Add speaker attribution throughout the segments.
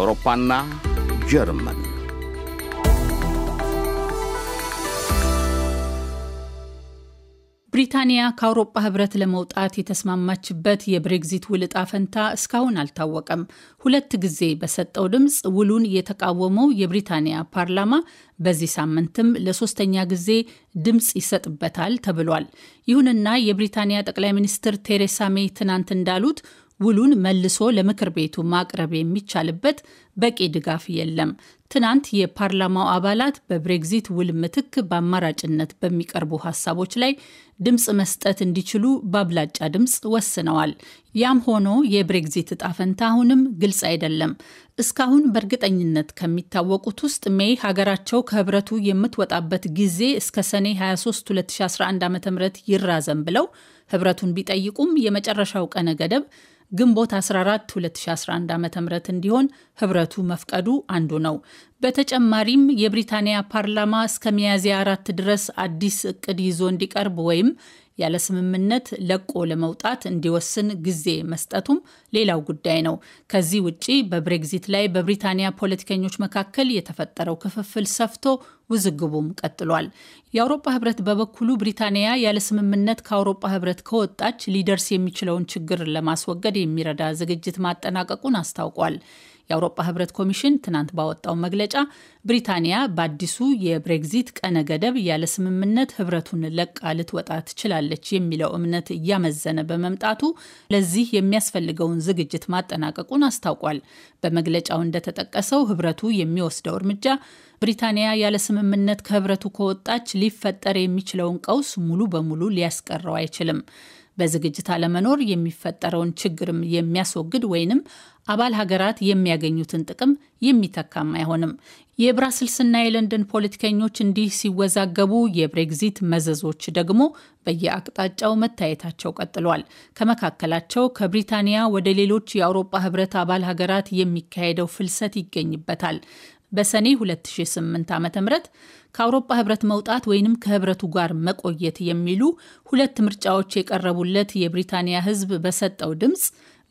Speaker 1: አውሮፓና ጀርመን
Speaker 2: ብሪታንያ ከአውሮፓ ህብረት ለመውጣት የተስማማችበት የብሬግዚት ውል እጣ ፈንታ እስካሁን አልታወቀም። ሁለት ጊዜ በሰጠው ድምፅ ውሉን የተቃወመው የብሪታንያ ፓርላማ በዚህ ሳምንትም ለሶስተኛ ጊዜ ድምፅ ይሰጥበታል ተብሏል። ይሁንና የብሪታንያ ጠቅላይ ሚኒስትር ቴሬሳ ሜይ ትናንት እንዳሉት ውሉን መልሶ ለምክር ቤቱ ማቅረብ የሚቻልበት በቂ ድጋፍ የለም። ትናንት የፓርላማው አባላት በብሬግዚት ውል ምትክ በአማራጭነት በሚቀርቡ ሀሳቦች ላይ ድምፅ መስጠት እንዲችሉ በአብላጫ ድምፅ ወስነዋል። ያም ሆኖ የብሬግዚት እጣ ፈንታ አሁንም ግልጽ አይደለም። እስካሁን በእርግጠኝነት ከሚታወቁት ውስጥ ሜይ ሀገራቸው ከህብረቱ የምትወጣበት ጊዜ እስከ ሰኔ 23 2011 ዓ ም ይራዘም ብለው ህብረቱን ቢጠይቁም የመጨረሻው ቀነ ገደብ ግንቦት 14 2011 ዓ ም እንዲሆን ህብረቱ መፍቀዱ አንዱ ነው። በተጨማሪም የብሪታንያ ፓርላማ እስከ ሚያዝያ አራት ድረስ አዲስ እቅድ ይዞ እንዲቀርብ ወይም ያለ ስምምነት ለቆ ለመውጣት እንዲወስን ጊዜ መስጠቱም ሌላው ጉዳይ ነው። ከዚህ ውጪ በብሬግዚት ላይ በብሪታንያ ፖለቲከኞች መካከል የተፈጠረው ክፍፍል ሰፍቶ ውዝግቡም ቀጥሏል። የአውሮፓ ህብረት በበኩሉ ብሪታንያ ያለ ስምምነት ከአውሮፓ ህብረት ከወጣች ሊደርስ የሚችለውን ችግር ለማስወገድ የሚረዳ ዝግጅት ማጠናቀቁን አስታውቋል። የአውሮፓ ህብረት ኮሚሽን ትናንት ባወጣው መግለጫ ብሪታንያ በአዲሱ የብሬግዚት ቀነ ገደብ ያለ ስምምነት ህብረቱን ለቃ ልትወጣ ትችላለች የሚለው እምነት እያመዘነ በመምጣቱ ለዚህ የሚያስፈልገውን ዝግጅት ማጠናቀቁን አስታውቋል። በመግለጫው እንደተጠቀሰው ህብረቱ የሚወስደው እርምጃ ብሪታንያ ያለ ስምምነት ከህብረቱ ከወጣች ሊፈጠር የሚችለውን ቀውስ ሙሉ በሙሉ ሊያስቀረው አይችልም። በዝግጅት አለመኖር የሚፈጠረውን ችግርም የሚያስወግድ ወይንም አባል ሀገራት የሚያገኙትን ጥቅም የሚተካም አይሆንም። የብራስልስና የለንደን ፖለቲከኞች እንዲህ ሲወዛገቡ የብሬግዚት መዘዞች ደግሞ በየአቅጣጫው መታየታቸው ቀጥሏል። ከመካከላቸው ከብሪታንያ ወደ ሌሎች የአውሮፓ ህብረት አባል ሀገራት የሚካሄደው ፍልሰት ይገኝበታል። በሰኔ 2008 ዓ ም ከአውሮፓ ህብረት መውጣት ወይንም ከህብረቱ ጋር መቆየት የሚሉ ሁለት ምርጫዎች የቀረቡለት የብሪታንያ ህዝብ በሰጠው ድምፅ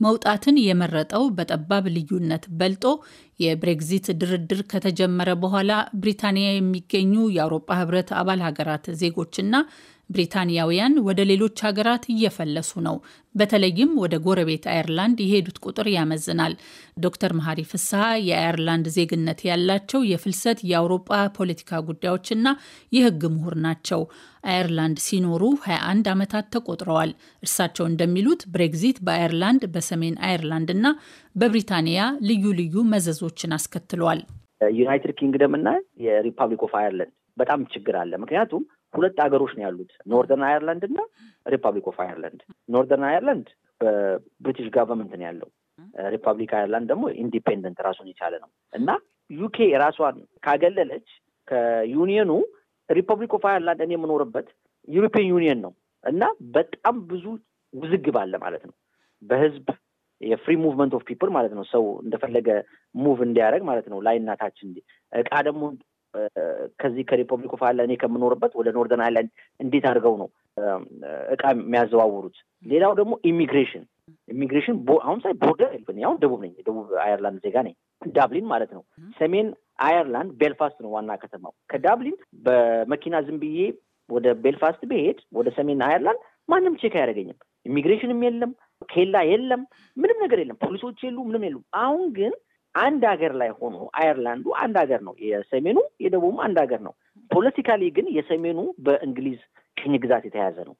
Speaker 2: መውጣትን የመረጠው በጠባብ ልዩነት በልጦ የብሬግዚት ድርድር ከተጀመረ በኋላ ብሪታንያ የሚገኙ የአውሮፓ ህብረት አባል ሀገራት ዜጎችና ብሪታንያውያን ወደ ሌሎች ሀገራት እየፈለሱ ነው። በተለይም ወደ ጎረቤት አየርላንድ የሄዱት ቁጥር ያመዝናል። ዶክተር መሐሪ ፍስሐ የአየርላንድ ዜግነት ያላቸው የፍልሰት የአውሮጳ ፖለቲካ ጉዳዮችና የህግ ምሁር ናቸው። አየርላንድ ሲኖሩ 21 ዓመታት ተቆጥረዋል። እርሳቸው እንደሚሉት ብሬግዚት በአየርላንድ በሰሜን አየርላንድ እና በብሪታንያ ልዩ ልዩ መዘዞ ግጭቶችን አስከትሏል።
Speaker 1: ዩናይትድ ኪንግደም እና የሪፐብሊክ ኦፍ አየርላንድ በጣም ችግር አለ። ምክንያቱም ሁለት ሀገሮች ነው ያሉት ኖርዘርን አየርላንድ እና ሪፐብሊክ ኦፍ አየርላንድ። ኖርዘርን አየርላንድ በብሪቲሽ ጋቨርንመንት ነው ያለው። ሪፐብሊክ አየርላንድ ደግሞ ኢንዲፔንደንት ራሱን የቻለ ነው እና ዩኬ ራሷን ካገለለች ከዩኒየኑ ሪፐብሊክ ኦፍ አየርላንድ እኔ የምኖርበት ዩሮፒያን ዩኒየን ነው እና በጣም ብዙ ውዝግብ አለ ማለት ነው በህዝብ የፍሪ ሙቭመንት ኦፍ ፒፕል ማለት ነው። ሰው እንደፈለገ ሙቭ እንዲያደርግ ማለት ነው። ላይ እናታች እቃ ደግሞ ከዚህ ከሪፐብሊክ ኦፍ አይርላንድ እኔ ከምኖርበት ወደ ኖርዘርን አይርላንድ እንዴት አድርገው ነው እቃ የሚያዘዋውሩት? ሌላው ደግሞ ኢሚግሬሽን ኢሚግሬሽን አሁን ሳይ ቦርደር የለብን። አሁን ደቡብ ነኝ፣ ደቡብ አየርላንድ ዜጋ ነኝ። ዳብሊን ማለት ነው። ሰሜን አየርላንድ ቤልፋስት ነው ዋና ከተማው። ከዳብሊን በመኪና ዝም ብዬ ወደ ቤልፋስት ብሄድ ወደ ሰሜን አየርላንድ ማንም ቼክ አያደርገኝም። ኢሚግሬሽንም የለም ኬላ የለም፣ ምንም ነገር የለም፣ ፖሊሶች የሉ፣ ምንም የሉም። አሁን ግን አንድ ሀገር ላይ ሆኖ አየርላንዱ አንድ ሀገር ነው፣ የሰሜኑ የደቡቡም አንድ ሀገር ነው። ፖለቲካሊ ግን የሰሜኑ በእንግሊዝ ቅኝ ግዛት የተያዘ ነው።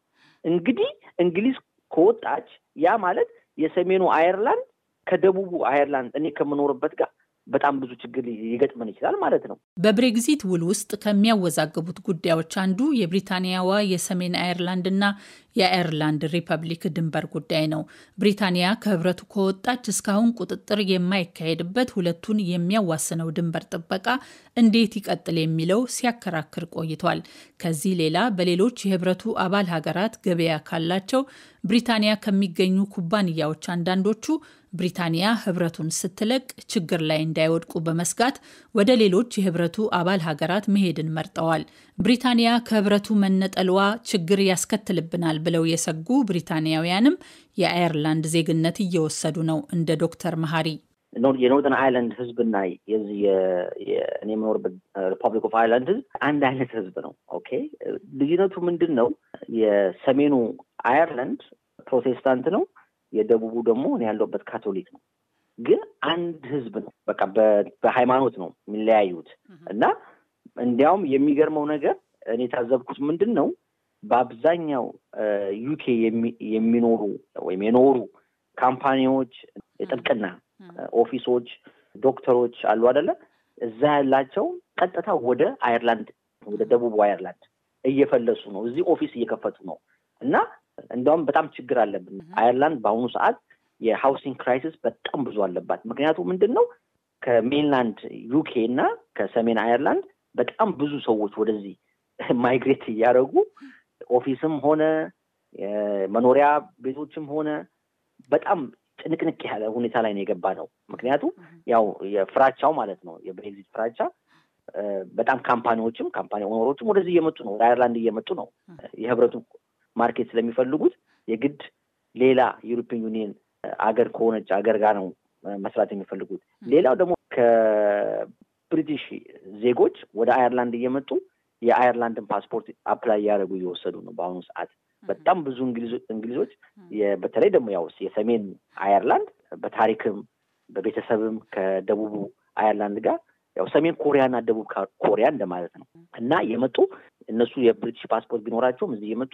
Speaker 1: እንግዲህ እንግሊዝ ከወጣች ያ ማለት የሰሜኑ አየርላንድ ከደቡቡ አየርላንድ እኔ ከምኖርበት ጋር በጣም ብዙ ችግር ይገጥመን ይችላል ማለት ነው።
Speaker 2: በብሬግዚት ውል ውስጥ ከሚያወዛገቡት ጉዳዮች አንዱ የብሪታንያዋ የሰሜን አየርላንድና የአየርላንድ ሪፐብሊክ ድንበር ጉዳይ ነው። ብሪታንያ ከህብረቱ ከወጣች እስካሁን ቁጥጥር የማይካሄድበት ሁለቱን የሚያዋስነው ድንበር ጥበቃ እንዴት ይቀጥል የሚለው ሲያከራክር ቆይቷል። ከዚህ ሌላ በሌሎች የህብረቱ አባል ሀገራት ገበያ ካላቸው ብሪታንያ ከሚገኙ ኩባንያዎች አንዳንዶቹ ብሪታንያ ህብረቱን ስትለቅ ችግር ላይ እንዳይወድቁ በመስጋት ወደ ሌሎች የህብረቱ አባል ሀገራት መሄድን መርጠዋል። ብሪታንያ ከህብረቱ መነጠልዋ ችግር ያስከትልብናል ብለው የሰጉ ብሪታንያውያንም የአየርላንድ ዜግነት እየወሰዱ ነው እንደ ዶክተር መሀሪ
Speaker 1: የኖርዘርን አይላንድ ህዝብና የዚህ እኔ የምኖርበት ሪፐብሊክ ኦፍ አይላንድ ህዝብ አንድ አይነት ህዝብ ነው። ኦኬ ልዩነቱ ምንድን ነው? የሰሜኑ አየርላንድ ፕሮቴስታንት ነው፣ የደቡቡ ደግሞ እኔ ያለሁበት ካቶሊክ ነው። ግን አንድ ህዝብ ነው። በቃ በሃይማኖት ነው የሚለያዩት እና እንዲያውም የሚገርመው ነገር እኔ የታዘብኩት ምንድን ነው በአብዛኛው ዩኬ የሚኖሩ ወይም የኖሩ ካምፓኒዎች፣ የጥብቅና ኦፊሶች፣ ዶክተሮች አሉ አደለ? እዛ ያላቸው ቀጥታ ወደ አይርላንድ ወደ ደቡብ አይርላንድ እየፈለሱ ነው። እዚህ ኦፊስ እየከፈቱ ነው። እና እንደውም በጣም ችግር አለብን። አይርላንድ በአሁኑ ሰዓት የሃውሲንግ ክራይሲስ በጣም ብዙ አለባት። ምክንያቱ ምንድን ነው? ከሜንላንድ ዩኬ እና ከሰሜን አይርላንድ በጣም ብዙ ሰዎች ወደዚህ ማይግሬት እያደረጉ ኦፊስም ሆነ መኖሪያ ቤቶችም ሆነ በጣም ጭንቅንቅ ያለ ሁኔታ ላይ ነው የገባ ነው። ምክንያቱም ያው የፍራቻው ማለት ነው የብሬግዚት ፍራቻ በጣም ካምፓኒዎችም ካምፓኒ ኦነሮችም ወደዚህ እየመጡ ነው፣ ወደ አይርላንድ እየመጡ ነው። የህብረቱ ማርኬት ስለሚፈልጉት የግድ ሌላ ዩሮፒን ዩኒየን አገር ከሆነች አገር ጋር ነው መስራት የሚፈልጉት። ሌላው ደግሞ ከብሪቲሽ ዜጎች ወደ አየርላንድ እየመጡ የአየርላንድን ፓስፖርት አፕላይ እያደረጉ እየወሰዱ ነው በአሁኑ ሰዓት። በጣም ብዙ እንግሊዞች በተለይ ደግሞ ያው የሰሜን አየርላንድ በታሪክም በቤተሰብም ከደቡቡ አየርላንድ ጋር ያው ሰሜን ኮሪያና ደቡብ ኮሪያ እንደማለት ነው እና የመጡ እነሱ የብሪቲሽ ፓስፖርት ቢኖራቸውም እዚህ የመጡ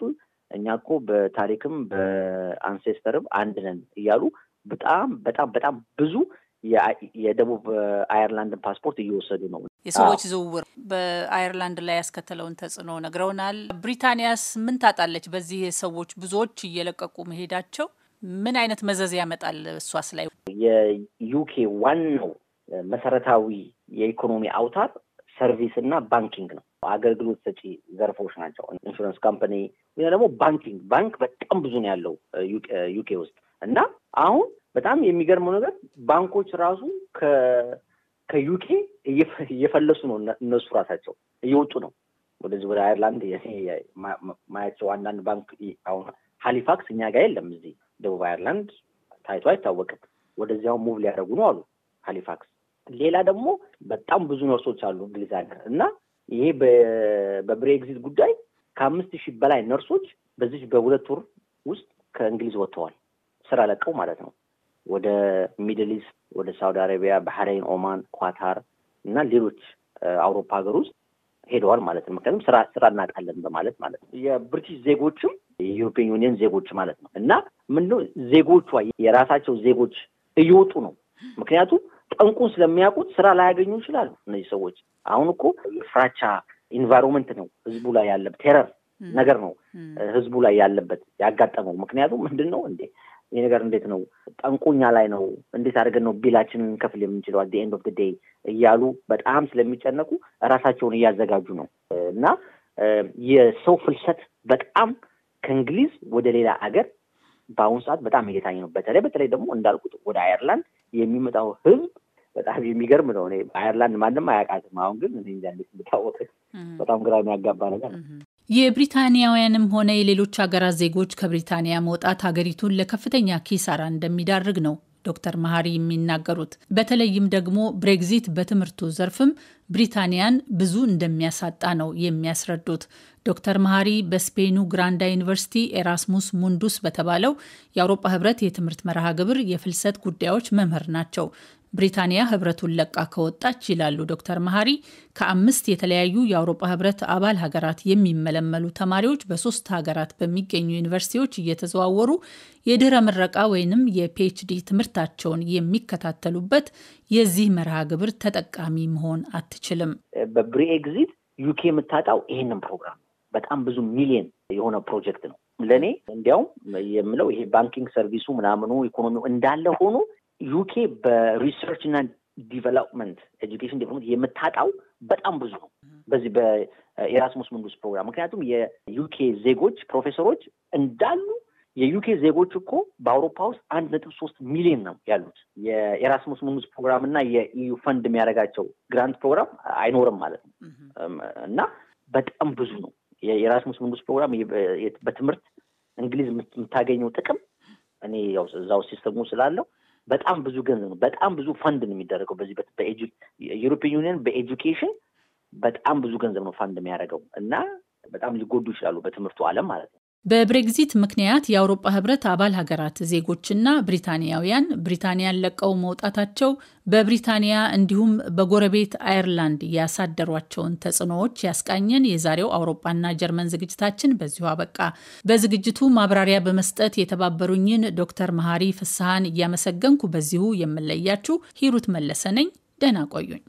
Speaker 1: እኛ እኮ በታሪክም በአንሴስተርም አንድ ነን እያሉ በጣም በጣም በጣም ብዙ የደቡብ አየርላንድን ፓስፖርት እየወሰዱ ነው። የሰዎች ዝውውር
Speaker 2: በአይርላንድ ላይ ያስከተለውን ተጽዕኖ ነግረውናል። ብሪታንያስ ምን ታጣለች? በዚህ ሰዎች ብዙዎች እየለቀቁ መሄዳቸው ምን አይነት መዘዝ ያመጣል? እሷስ ላይ
Speaker 1: የዩኬ ዋናው መሰረታዊ የኢኮኖሚ አውታር ሰርቪስ እና ባንኪንግ ነው። አገልግሎት ሰጪ ዘርፎች ናቸው። ኢንሹራንስ ካምፓኒ ደግሞ ባንኪንግ። ባንክ በጣም ብዙ ነው ያለው ዩኬ ውስጥ እና አሁን በጣም የሚገርመው ነገር ባንኮች ራሱ ከ ከዩኬ እየፈለሱ ነው እነሱ ራሳቸው እየወጡ ነው ወደዚህ ወደ አይርላንድ ማያቸው አንዳንድ ባንክ አሁን ሀሊፋክስ እኛ ጋር የለም እዚህ ደቡብ አይርላንድ ታይቶ አይታወቅም ወደዚያው ሙቭ ሊያደርጉ ነው አሉ ሀሊፋክስ ሌላ ደግሞ በጣም ብዙ ነርሶች አሉ እንግሊዝ ሀገር እና ይሄ በብሬግዚት ጉዳይ ከአምስት ሺህ በላይ ነርሶች በዚህ በሁለት ወር ውስጥ ከእንግሊዝ ወጥተዋል ስራ ለቀው ማለት ነው ወደ ሚድል ኢስት ወደ ሳውዲ አረቢያ፣ ባህሬን፣ ኦማን፣ ኳታር እና ሌሎች አውሮፓ ሀገር ውስጥ ሄደዋል ማለት ነው። ምክንያቱም ስራ ስራ እናጣለን በማለት ማለት ነው። የብሪቲሽ ዜጎችም የዩሮፒን ዩኒየን ዜጎች ማለት ነው እና ምንድነው ዜጎቿ የራሳቸው ዜጎች እየወጡ ነው። ምክንያቱም ጠንቁን ስለሚያውቁት ስራ ላያገኙ ይችላሉ እነዚህ ሰዎች። አሁን እኮ የፍራቻ ኢንቫይሮንመንት ነው ህዝቡ ላይ ያለ ቴረር ነገር ነው ህዝቡ ላይ ያለበት ያጋጠመው። ምክንያቱም ምንድን ነው እንዴ ይህ ነገር እንዴት ነው ጠንቁኛ ላይ ነው እንዴት አድርገን ነው ቢላችንን ከፍል የምንችለው አት ኤንድ ኦፍ ዴይ እያሉ በጣም ስለሚጨነቁ ራሳቸውን እያዘጋጁ ነው እና የሰው ፍልሰት በጣም ከእንግሊዝ ወደ ሌላ አገር በአሁኑ ሰዓት በጣም እየታኝ ነው። በተለይ በተለይ ደግሞ እንዳልኩት ወደ አየርላንድ የሚመጣው ህዝብ በጣም የሚገርም ነው። አየርላንድ ማንም አያውቃትም። አሁን ግን እንጃ እንዴት በጣም ግራ የሚያጋባ ነገር ነው።
Speaker 2: የብሪታንያውያንም ሆነ የሌሎች ሀገራት ዜጎች ከብሪታንያ መውጣት ሀገሪቱን ለከፍተኛ ኪሳራ እንደሚዳርግ ነው ዶክተር መሀሪ የሚናገሩት። በተለይም ደግሞ ብሬግዚት በትምህርቱ ዘርፍም ብሪታንያን ብዙ እንደሚያሳጣ ነው የሚያስረዱት። ዶክተር መሀሪ በስፔኑ ግራንዳ ዩኒቨርሲቲ ኤራስሙስ ሙንዱስ በተባለው የአውሮፓ ህብረት የትምህርት መርሃ ግብር የፍልሰት ጉዳዮች መምህር ናቸው። ብሪታንያ ህብረቱን ለቃ ከወጣች ይላሉ ዶክተር መሀሪ ከአምስት የተለያዩ የአውሮፓ ህብረት አባል ሀገራት የሚመለመሉ ተማሪዎች በሶስት ሀገራት በሚገኙ ዩኒቨርሲቲዎች እየተዘዋወሩ የድህረ ምረቃ ወይንም የፒኤችዲ ትምህርታቸውን የሚከታተሉበት የዚህ መርሃ ግብር ተጠቃሚ መሆን አትችልም።
Speaker 1: በብሪ ኤግዚት ዩኬ የምታጣው ይህንን ፕሮግራም በጣም ብዙ ሚሊየን የሆነ ፕሮጀክት ነው። ለእኔ እንዲያውም የምለው ይሄ ባንኪንግ ሰርቪሱ ምናምኑ ኢኮኖሚው እንዳለ ሆኖ ዩኬ በሪሰርች እና ዲቨሎፕመንት ኤጁኬሽን ዲቨሎፕመንት የምታጣው በጣም ብዙ ነው በዚህ በኤራስሙስ መንዱስ ፕሮግራም። ምክንያቱም የዩኬ ዜጎች ፕሮፌሰሮች እንዳሉ የዩኬ ዜጎች እኮ በአውሮፓ ውስጥ አንድ ነጥብ ሶስት ሚሊዮን ነው ያሉት። የኤራስሙስ መንዱስ ፕሮግራም እና የኢዩ ፈንድ የሚያደርጋቸው ግራንት ፕሮግራም አይኖርም ማለት ነው እና በጣም ብዙ ነው የኤራስሙስ መንዱስ ፕሮግራም በትምህርት እንግሊዝ የምታገኘው ጥቅም እኔ ያው እዛው ሲስተሙ ስላለው በጣም ብዙ ገንዘብ ነው። በጣም ብዙ ፈንድ ነው የሚደረገው በዚህ የዩሮፒያን ዩኒየን በኤጁኬሽን በጣም ብዙ ገንዘብ ነው ፋንድ የሚያደርገው እና በጣም ሊጎዱ ይችላሉ በትምህርቱ አለም ማለት ነው።
Speaker 2: በብሬግዚት ምክንያት የአውሮፓ ህብረት አባል ሀገራት ዜጎችና ብሪታንያውያን ብሪታንያን ለቀው መውጣታቸው በብሪታንያ እንዲሁም በጎረቤት አየርላንድ ያሳደሯቸውን ተጽዕኖዎች ያስቃኘን የዛሬው አውሮጳና ጀርመን ዝግጅታችን በዚሁ አበቃ። በዝግጅቱ ማብራሪያ በመስጠት የተባበሩኝን ዶክተር መሐሪ ፍስሐን እያመሰገንኩ በዚሁ የምለያችሁ ሂሩት መለሰ ነኝ። ደህና ቆዩኝ።